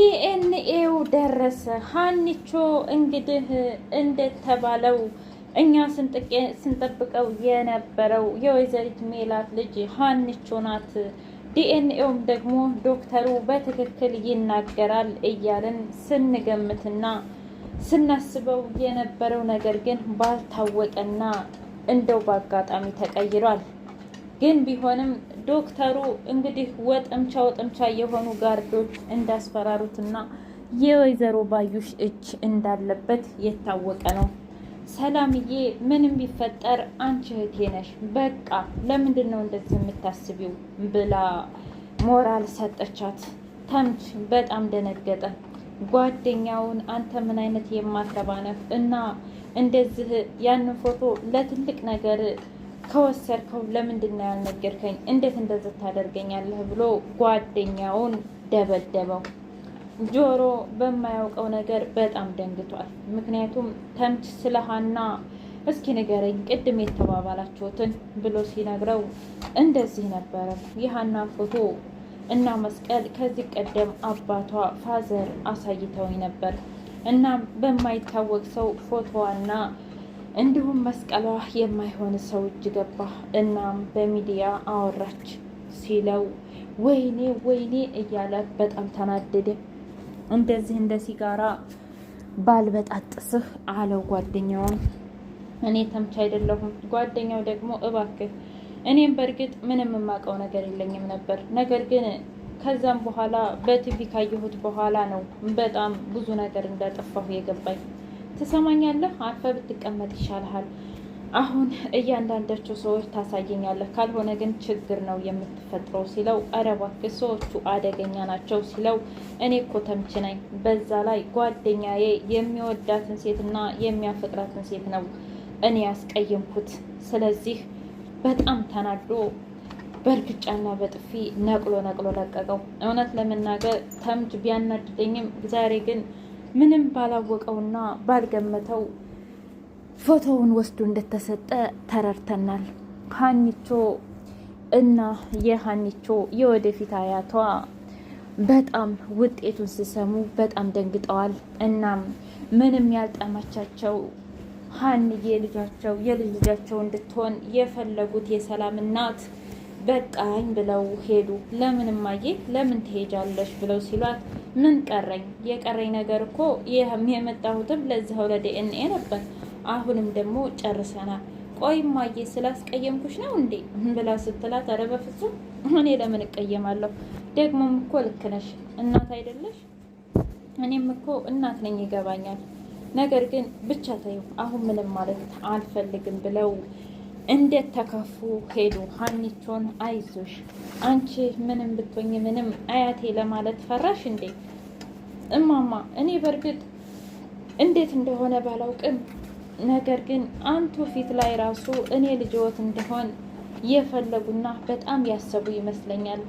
ዲኤንኤው ደረሰ። ሀኒቾ እንግዲህ እንደተባለው እኛ ስንጠብቀው የነበረው የወይዘሪት ሜላት ልጅ ሀኒቾ ናት። ዲኤንኤውም ደግሞ ዶክተሩ በትክክል ይናገራል እያልን ስንገምትና ስናስበው የነበረው ነገር ግን ባልታወቀና እንደው በአጋጣሚ ተቀይሯል። ግን ቢሆንም ዶክተሩ እንግዲህ ወጠምቻ ወጠምቻ የሆኑ ጋርዶች እንዳስፈራሩትና የወይዘሮ ባዩሽ እጅ እንዳለበት የታወቀ ነው። ሰላምዬ ምንም ቢፈጠር አንቺ እህቴ ነሽ፣ በቃ ለምንድን ነው እንደዚህ የምታስቢው ብላ ሞራል ሰጠቻት። ተምች በጣም ደነገጠ። ጓደኛውን አንተ ምን አይነት የማትረባ ነህ እና እንደዚህ ያንን ፎቶ ለትልቅ ነገር ከወሰድከው ለምንድን ነው ያልነገርከኝ? እንዴት እንደዚህ ታደርገኛለህ? ብሎ ጓደኛውን ደበደበው። ጆሮ በማያውቀው ነገር በጣም ደንግቷል። ምክንያቱም ተምች ስለሃና እስኪ ንገረኝ ቅድም የተባባላችሁትን ብሎ ሲነግረው እንደዚህ ነበረ የሀና ፎቶ እና መስቀል ከዚህ ቀደም አባቷ ፋዘር አሳይተውኝ ነበር። እናም በማይታወቅ ሰው ፎቶዋና እንዲሁም መስቀሏ የማይሆን ሰው እጅ ገባ። እናም በሚዲያ አወራች ሲለው ወይኔ ወይኔ እያለ በጣም ተናደደ። እንደዚህ እንደ ሲጋራ ባልበጣጥስህ አለው ጓደኛውን። እኔ ተምች አይደለሁም። ጓደኛው ደግሞ እባክህ እኔም በእርግጥ ምንም የማውቀው ነገር የለኝም ነበር። ነገር ግን ከዛም በኋላ በቲቪ ካየሁት በኋላ ነው በጣም ብዙ ነገር እንዳጠፋሁ የገባኝ። ትሰማኛለህ፣ አርፈ ብትቀመጥ ይሻልሃል። አሁን እያንዳንዳቸው ሰዎች ታሳየኛለህ፣ ካልሆነ ግን ችግር ነው የምትፈጥረው ሲለው፣ ኧረ እባክህ ሰዎቹ አደገኛ ናቸው ሲለው፣ እኔ እኮ ተምች ነኝ። በዛ ላይ ጓደኛዬ የሚወዳትን ሴትና የሚያፈቅራትን ሴት ነው እኔ ያስቀየምኩት። ስለዚህ በጣም ተናዶ በእርግጫና በጥፊ ነቅሎ ነቅሎ ለቀቀው። እውነት ለመናገር ተምች ቢያናድደኝም ዛሬ ግን ምንም ባላወቀውና ባልገመተው ፎቶውን ወስዶ እንደተሰጠ ተረድተናል። ሀኒቾ እና የሀኒቾ የወደፊት አያቷ በጣም ውጤቱን ሲሰሙ በጣም ደንግጠዋል። እናም ምንም ያልጠማቻቸው ሀን ልጃቸው የልጅ ልጃቸው እንድትሆን የፈለጉት የሰላም እናት በቃኝ ብለው ሄዱ። ለምን እማዬ ለምን ትሄጃለሽ ብለው ሲሏት ምን ቀረኝ? የቀረኝ ነገር እኮ የመጣሁትም ለዚያው ለዲኤንኤ ነበር። አሁንም ደግሞ ጨርሰናል። ቆይ እማዬ ስላስቀየምኩሽ ነው እንዴ ብላ ስትላት፣ ኧረ በፍጹም እኔ ለምን እቀየማለሁ? ደግሞም እኮ ልክ ነሽ፣ እናት አይደለሽ? እኔም እኮ እናት ነኝ፣ ይገባኛል። ነገር ግን ብቻ ተይው፣ አሁን ምንም ማለት አልፈልግም ብለው እንዴት ተከፉ ሄዱ። ሀኒቾን አይዞሽ አንቺ ምንም ብትሆኝ ምንም አያቴ ለማለት ፈራሽ እንዴ? እማማ እኔ በእርግጥ እንዴት እንደሆነ ባላውቅም፣ ነገር ግን አንቱ ፊት ላይ ራሱ እኔ ልጅወት እንደሆን የፈለጉና በጣም ያሰቡ ይመስለኛል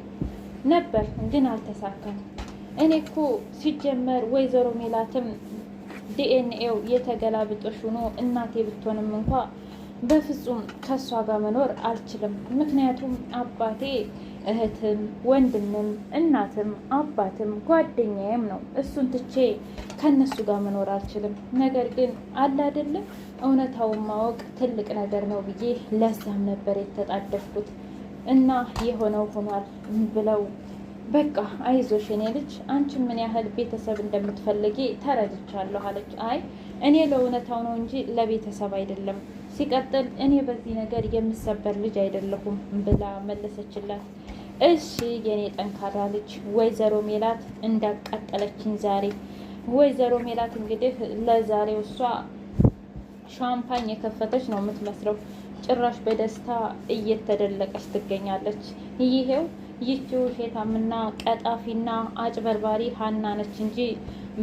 ነበር፣ ግን አልተሳካም። እኔ እኮ ሲጀመር ወይዘሮ ሜላትም ዲኤንኤው የተገላብጦሽ ሆኖ እናቴ ብትሆንም እንኳ በፍጹም ከእሷ ጋር መኖር አልችልም። ምክንያቱም አባቴ እህትም፣ ወንድምም፣ እናትም፣ አባትም ጓደኛዬም ነው። እሱን ትቼ ከእነሱ ጋር መኖር አልችልም። ነገር ግን አለ አይደለም እውነታውን ማወቅ ትልቅ ነገር ነው ብዬ ለዛም ነበር የተጣደፍኩት እና የሆነው ሆኗል ብለው በቃ አይዞሽ የኔ ልጅ አንቺ ምን ያህል ቤተሰብ እንደምትፈልጊ ተረድቻለሁ አለች። አይ እኔ ለእውነታው ነው እንጂ ለቤተሰብ አይደለም ሲቀጥል እኔ በዚህ ነገር የምሰበር ልጅ አይደለሁም ብላ መለሰችላት። እሺ የኔ ጠንካራ ልጅ ወይዘሮ ሜላት እንዳቃጠለችኝ ዛሬ። ወይዘሮ ሜላት እንግዲህ ለዛሬው እሷ ሻምፓኝ የከፈተች ነው የምትመስለው። ጭራሽ በደስታ እየተደለቀች ትገኛለች። ይሄው ይቺ ሼታምና ቀጣፊና አጭበርባሪ ሀና ነች እንጂ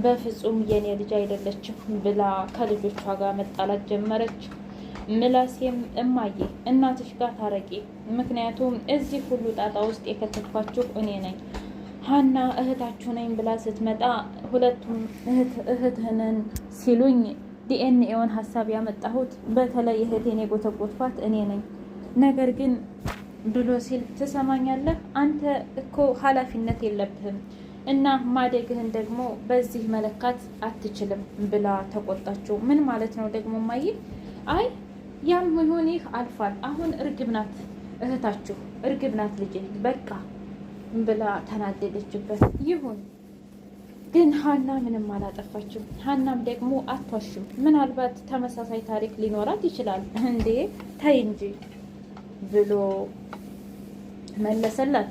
በፍጹም የኔ ልጅ አይደለችም ብላ ከልጆቿ ጋር መጣላት ጀመረች። ምላሴም እማዬ እናትሽ ጋር ታረቂ፣ ምክንያቱም እዚህ ሁሉ ጣጣ ውስጥ የከተትኳችሁ እኔ ነኝ፣ ሀና እህታችሁ ነኝ ብላ ስትመጣ ሁለቱም እህትህንን ሲሉኝ ዲኤንኤውን ሀሳብ ያመጣሁት በተለይ እህቴን የጎተጎትኳት እኔ ነኝ። ነገር ግን ብሎ ሲል ትሰማኛለህ፣ አንተ እኮ ኃላፊነት የለብህም እና ማደግህን ደግሞ በዚህ መለካት አትችልም ብላ ተቆጣችው። ምን ማለት ነው ደግሞ ማየ? አይ ያም መሆን ይህ አልፏል። አሁን እርግብ ናት እህታችሁ፣ እርግብ ናት ልጄ፣ በቃ ብላ ተናደደችበት። ይሁን ግን ሀና ምንም አላጠፋችም። ሀናም ደግሞ አትዋሽም። ምናልባት ተመሳሳይ ታሪክ ሊኖራት ይችላል። እንዴ ተይ እንጂ ብሎ መለሰላት።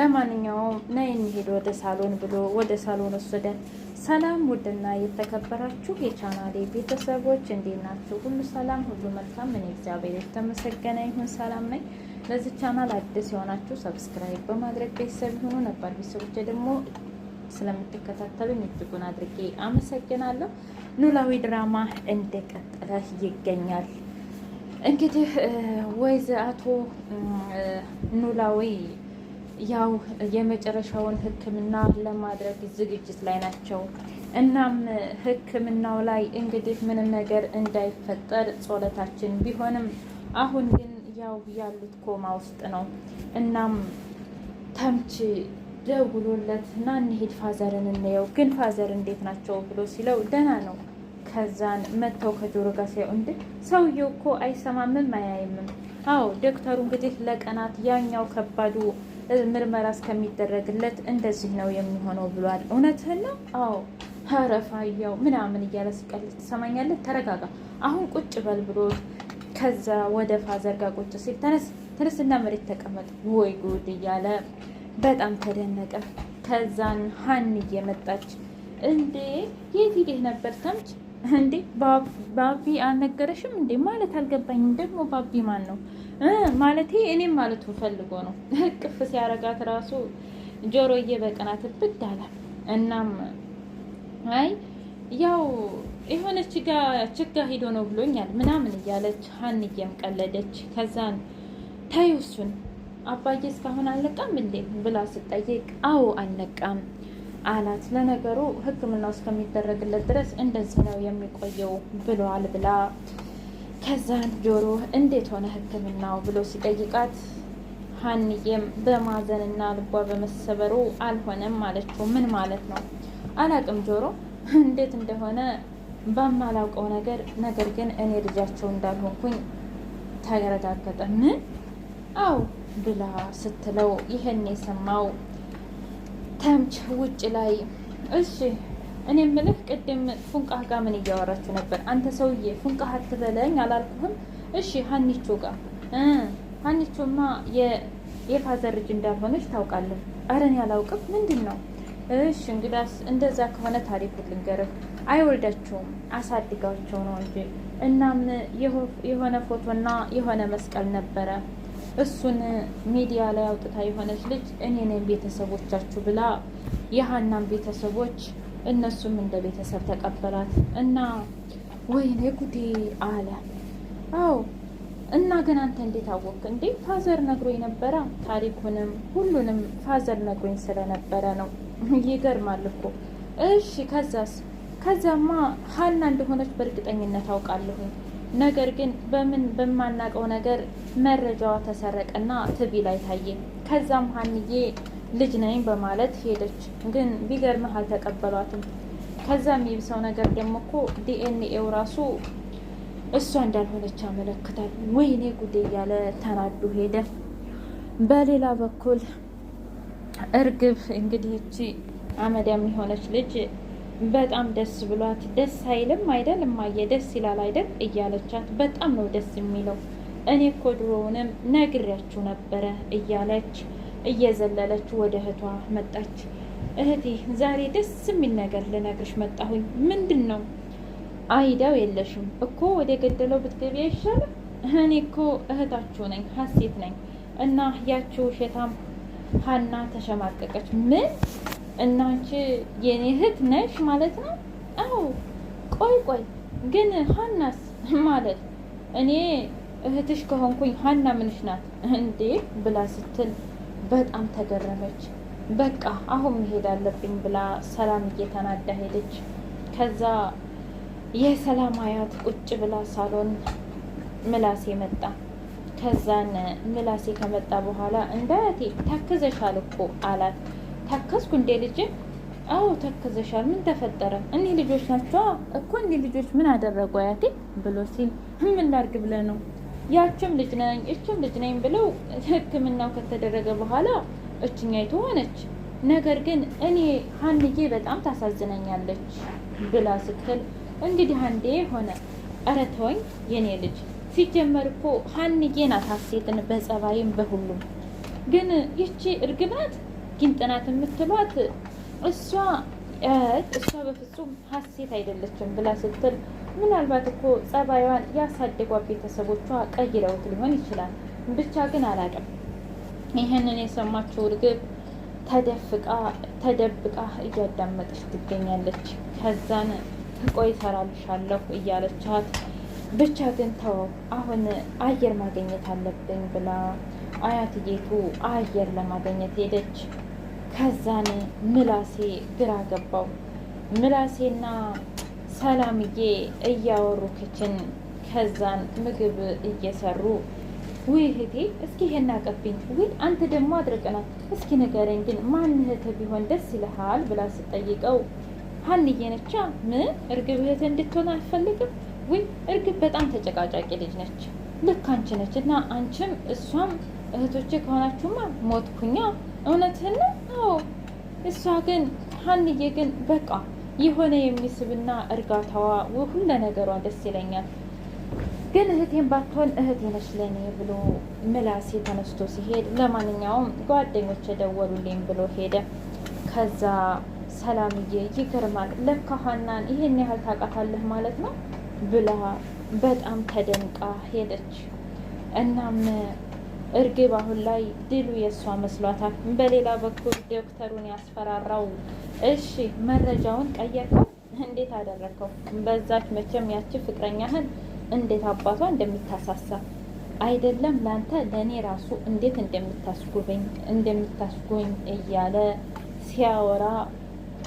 ለማንኛውም ነይ ሄድ ወደ ሳሎን ብሎ ወደ ሳሎን ወሰደ። ሰላም ውድና የተከበራችሁ የቻናሌ ቤተሰቦች እንዴት ናችሁ? ሁሉ ሰላም፣ ሁሉ መልካም። እኔ እግዚአብሔር የተመሰገነ ይሁን ሰላም ነኝ። ለዚህ ቻናል አዲስ የሆናችሁ ሰብስክራይብ በማድረግ ቤተሰብ የሆኑ ነባር ቤተሰቦች ደግሞ ስለምትከታተሉኝ እጅጉን አድርጌ አመሰግናለሁ። ኖላዊ ድራማ እንደቀጠለ ይገኛል። እንግዲህ ወይዘ አቶ ኖላዊ ያው የመጨረሻውን ሕክምና ለማድረግ ዝግጅት ላይ ናቸው። እናም ሕክምናው ላይ እንግዲህ ምንም ነገር እንዳይፈጠር ጸሎታችን ቢሆንም አሁን ግን ያው ያሉት ኮማ ውስጥ ነው። እናም ተምች ደውሎለት ና እንሂድ ፋዘርን እንየው፣ ግን ፋዘር እንዴት ናቸው ብሎ ሲለው ደህና ነው። ከዛን መጥተው ከጆሮ ጋር ሲያዩ እንደ ሰውየው እኮ አይሰማምም አያይምም አዎ ዶክተሩ እንግዲህ ለቀናት ያኛው ከባዱ ምርመራ እስከሚደረግለት እንደዚህ ነው የሚሆነው ብሏል። እውነትህን ነው? አዎ ረፋያው ምናምን እያለ ሲቀልድ ትሰማኛለህ። ተረጋጋ፣ አሁን ቁጭ በል ብሎ ከዛ ወደ ፋዘር ጋር ቁጭ ሲል ተነስ ተነስና መሬት ተቀመጥ፣ ወይ ጉድ እያለ በጣም ተደነቀ። ከዛን ሀኒ እየመጣች እንዴ የት ነበር ተምች እንዴ ባቢ አልነገረሽም እንዴ? ማለት አልገባኝም። ደግሞ ባቢ ማን ነው? ማለቴ እኔም ማለት ፈልጎ ነው። ቅፍ ሲያረጋት ራሱ ጆሮዬ በቅናት ብድ አላት። እናም አይ ያው የሆነች ጋ ችጋ ሂዶ ነው ብሎኛል ምናምን እያለች ሀንዬም ቀለደች። ከዛን ታዩ እሱን አባዬ እስካሁን አልነቃም እንዴ ብላ ስጠይቅ አዎ አልነቃም አላት። ለነገሩ ሕክምናው እስከሚደረግለት ድረስ እንደዚህ ነው የሚቆየው ብለዋል ብላ ከዛን ጆሮ እንዴት ሆነ ሕክምናው ብሎ ሲጠይቃት ሀንዬም በማዘንና ልቧ በመሰበሩ አልሆነም አለችው። ምን ማለት ነው አላቅም ጆሮ እንዴት እንደሆነ በማላውቀው ነገር ነገር ግን እኔ ልጃቸው እንዳልሆንኩኝ ተረጋገጠ። ምን አው ብላ ስትለው ይህን የሰማው ተምች ውጭ ላይ እሺ እኔ የምልህ ቅድም ፉንቃህ ጋር ምን እያወራችሁ ነበር? አንተ ሰውዬ ፉንቃህ አትበለኝ አላልኩህም? እሺ ሀኒቾ ጋር ሀኒቾማ የፋዘር ልጅ እንዳልሆነች ታውቃለህ። ኧረ እኔ አላውቅም። ምንድን ነው? እሺ እንግዳስ እንደዛ ከሆነ ታሪኩን ልንገርህ። አይወልዳቸውም አሳድጋቸው ነው እንጂ። እናም የሆነ ፎቶና የሆነ መስቀል ነበረ እሱን ሚዲያ ላይ አውጥታ የሆነች ልጅ እኔ ነኝ ቤተሰቦቻችሁ ብላ የሀናን ቤተሰቦች እነሱም እንደ ቤተሰብ ተቀበላት እና ወይኔ ጉዴ አለ። አዎ እና ግን አንተ እንዴት አወክ እንዴ? ፋዘር ነግሮኝ ነበረ። ታሪኩንም ሁሉንም ፋዘር ነግሮኝ ስለነበረ ነው። ይገርማል እኮ። እሺ ከዛስ? ከዛማ ሀና እንደሆነች በእርግጠኝነት አውቃለሁኝ። ነገር ግን በምን በማናቀው ነገር መረጃዋ ተሰረቀና ትቢ ላይ ታየ። ከዛም ሀንዬ ልጅ ነኝ በማለት ሄደች። ግን ቢገርምህ አልተቀበሏትም። ከዛ የሚብሰው ነገር ደግሞ እኮ ዲኤንኤው ራሱ እሷ እንዳልሆነች ያመለክታል። ወይኔ ጉዴ እያለ ተናዱ ሄደ። በሌላ በኩል እርግብ እንግዲህ እቺ አመዳም የሆነች ልጅ በጣም ደስ ብሏት ደስ አይልም አይደል እማየ ደስ ይላል አይደል እያለቻት በጣም ነው ደስ የሚለው እኔ እኮ ድሮውንም ነግሬያችሁ ነበረ እያለች እየዘለለች ወደ እህቷ መጣች እህቴ ዛሬ ደስ የሚል ነገር ልነግርሽ መጣሁኝ ምንድን ነው አይዳው የለሽም እኮ ወደ ገደለው ብትገቢ አይሻልም እኔ እኮ እህታችሁ ነኝ ሀሴት ነኝ እና ያቺው ውሸታም ሀና ተሸማቀቀች ምን እና የኔ እህት ነሽ ማለት ነው? አዎ። ቆይ ቆይ ግን ሀናስ ማለት እኔ እህትሽ ከሆንኩኝ ሀና ምንሽ ናት እንዴ? ብላ ስትል በጣም ተገረመች። በቃ አሁን መሄድ አለብኝ ብላ ሰላም እየተናዳ ሄደች። ከዛ የሰላም አያት ቁጭ ብላ ሳሎን ምላሴ መጣ። ከዛን ምላሴ ከመጣ በኋላ እንዳያቴ ታክዘሻል እኮ አላት። ታከስኩ እንዴ ልጅ አዎ ተከዘሻል። ምን ተፈጠረ? እኒህ ልጆች ናቸው እኮ እኒህ ልጆች ምን አደረጉ አያቴ ብሎ ሲል ምን ላድርግ ብለ ነው? ያችም ልጅ ነኝ እችም ልጅ ነኝ ብለው ሕክምናው ከተደረገ በኋላ እችኛይቱ ሆነች። ነገር ግን እኔ ሀንዬ በጣም ታሳዝነኛለች ብላ ስትል እንግዲህ አንዴ ሆነ። ኧረ ተወኝ የኔ ልጅ ሲጀመር እኮ ሀንዬ ናት ሀሴትን በጸባይም በሁሉም ግን ይቺ እርግብ ናት ግን ጥናት የምትሏት እሷ እሷ በፍጹም ሀሴት አይደለችም ብላ ስትል ምናልባት እኮ ጸባይዋን ያሳደጓት ቤተሰቦቿ ቀይረውት ሊሆን ይችላል። ብቻ ግን አላቅም። ይህንን የሰማችው እርግብ ተደፍቃ ተደብቃ እያዳመጠች ትገኛለች። ከዛን ቆይ እሰራልሻለሁ እያለቻት ብቻ ግን ተው አሁን አየር ማገኘት አለብኝ ብላ አያትጌቱ አየር ለማገኘት ሄደች። ከዛን ምላሴ ግራ ገባው። ምላሴና ሰላምዬ እያወሩ ክችን ከዛን ምግብ እየሰሩ ውይ እህቴ እስኪ ይሄን አቀብኝ፣ ውይ አንተ ደግሞ አድርቀናል፣ እስኪ ንገረኝ ግን ማን ቢሆን ደስ ይልሃል ብላ ስጠይቀው ሀንዬ ነቻ። ምን እርግብ እንድትሆን አልፈልግም? ውይ እርግብ በጣም ተጨቃጫቂ ልጅ ነች፣ ልክ አንቺ ነች እና አንቺም እሷም እህቶቼ ከሆናችሁማ ሞትኩኛ። እውነትህን ነው እሷ ግን ሀንዬ ግን በቃ የሆነ የሚስብና እርጋታዋ ሁለ ነገሯ ደስ ይለኛል። ግን እህቴን ባትሆን እህቴ ነች ለእኔ ብሎ ምላሴ ተነስቶ ሲሄድ፣ ለማንኛውም ጓደኞች ደወሉልኝ ብሎ ሄደ። ከዛ ሰላምዬ ይገርማል፣ ለካ ሀናን ይሄን ያህል ታውቃታለህ ማለት ነው ብላ በጣም ተደንቃ ሄደች። እናም እርግብ አሁን ላይ ድሉ የእሷ መስሏታል። በሌላ በኩል ዶክተሩን ያስፈራራው እሺ፣ መረጃውን ቀየርከው? እንዴት አደረግከው? በዛች መቼም ያቺ ፍቅረኛህን እንዴት አባቷ እንደሚታሳሳ አይደለም ላንተ ለእኔ ራሱ እንዴት እንደምታስጎበኝ እንደምታስጎኝ እያለ ሲያወራ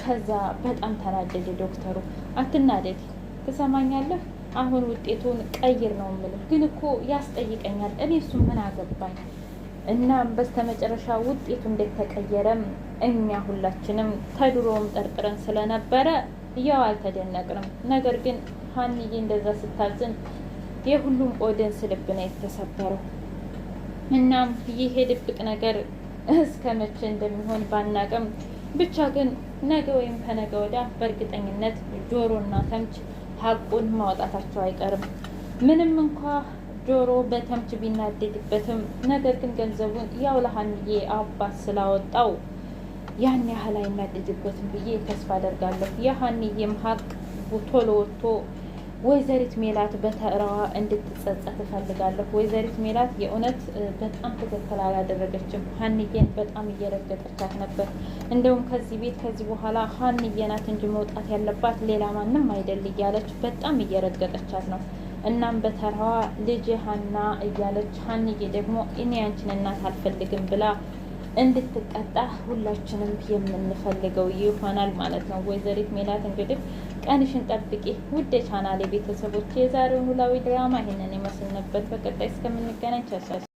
ከዛ በጣም ተናደደ ዶክተሩ። አትናደድ፣ ትሰማኛለህ አሁን ውጤቱን ቀይር ነው የምልህ። ግን እኮ ያስጠይቀኛል። እኔ እሱ ምን አገባኝ? እናም በስተመጨረሻ ውጤቱ እንዴት ተቀየረም እኛ ሁላችንም ተድሮም ጠርጥረን ስለነበረ ያው አልተደነቅንም። ነገር ግን ሀንዬ እንደዛ ስታዝን የሁሉም ኦዲየንስ ልብ ነው የተሰበረው። እናም ይሄ ድብቅ ነገር እስከ መቼ እንደሚሆን ባናቅም ብቻ ግን ነገ ወይም ከነገ ወዲያ በእርግጠኝነት ጆሮና ተምች ሀቁን ማውጣታቸው አይቀርም። ምንም እንኳ ጆሮ በተምች ቢናደድበትም ነገር ግን ገንዘቡን ያው ለሀንዬ አባት ስላወጣው ያን ያህል አይናደድበትም ብዬ ተስፋ አደርጋለሁ። የሀንዬም ሀቅ ቶሎ ወጥቶ ወይዘሪት ሜላት በተራዋ እንድትጸጸት እፈልጋለሁ። ወይዘሪት ሜላት የእውነት በጣም ትክክል አላደረገችም። ሀንዬን በጣም እየረገጠቻት ነበር። እንደውም ከዚህ ቤት ከዚህ በኋላ ሀንዬ ናት እንጂ መውጣት ያለባት ሌላ ማንም አይደል እያለች በጣም እየረገጠቻት ነው። እናም በተራዋ ልጅ ሀና እያለች ሀንዬ ደግሞ እኔ ያንችን እናት አልፈልግም ብላ እንድትቀጣ ሁላችንም የምንፈልገው ይሆናል ማለት ነው። ወይዘሪት ሜላት እንግዲህ ቀንሽን ጠብቂ። ውድ ቻናሌ ቤተሰቦች የዛሬውን ኖላዊ ድራማ ይህንን ይመስል ነበር። በቀጣይ እስከምንገናኝ ቻቻ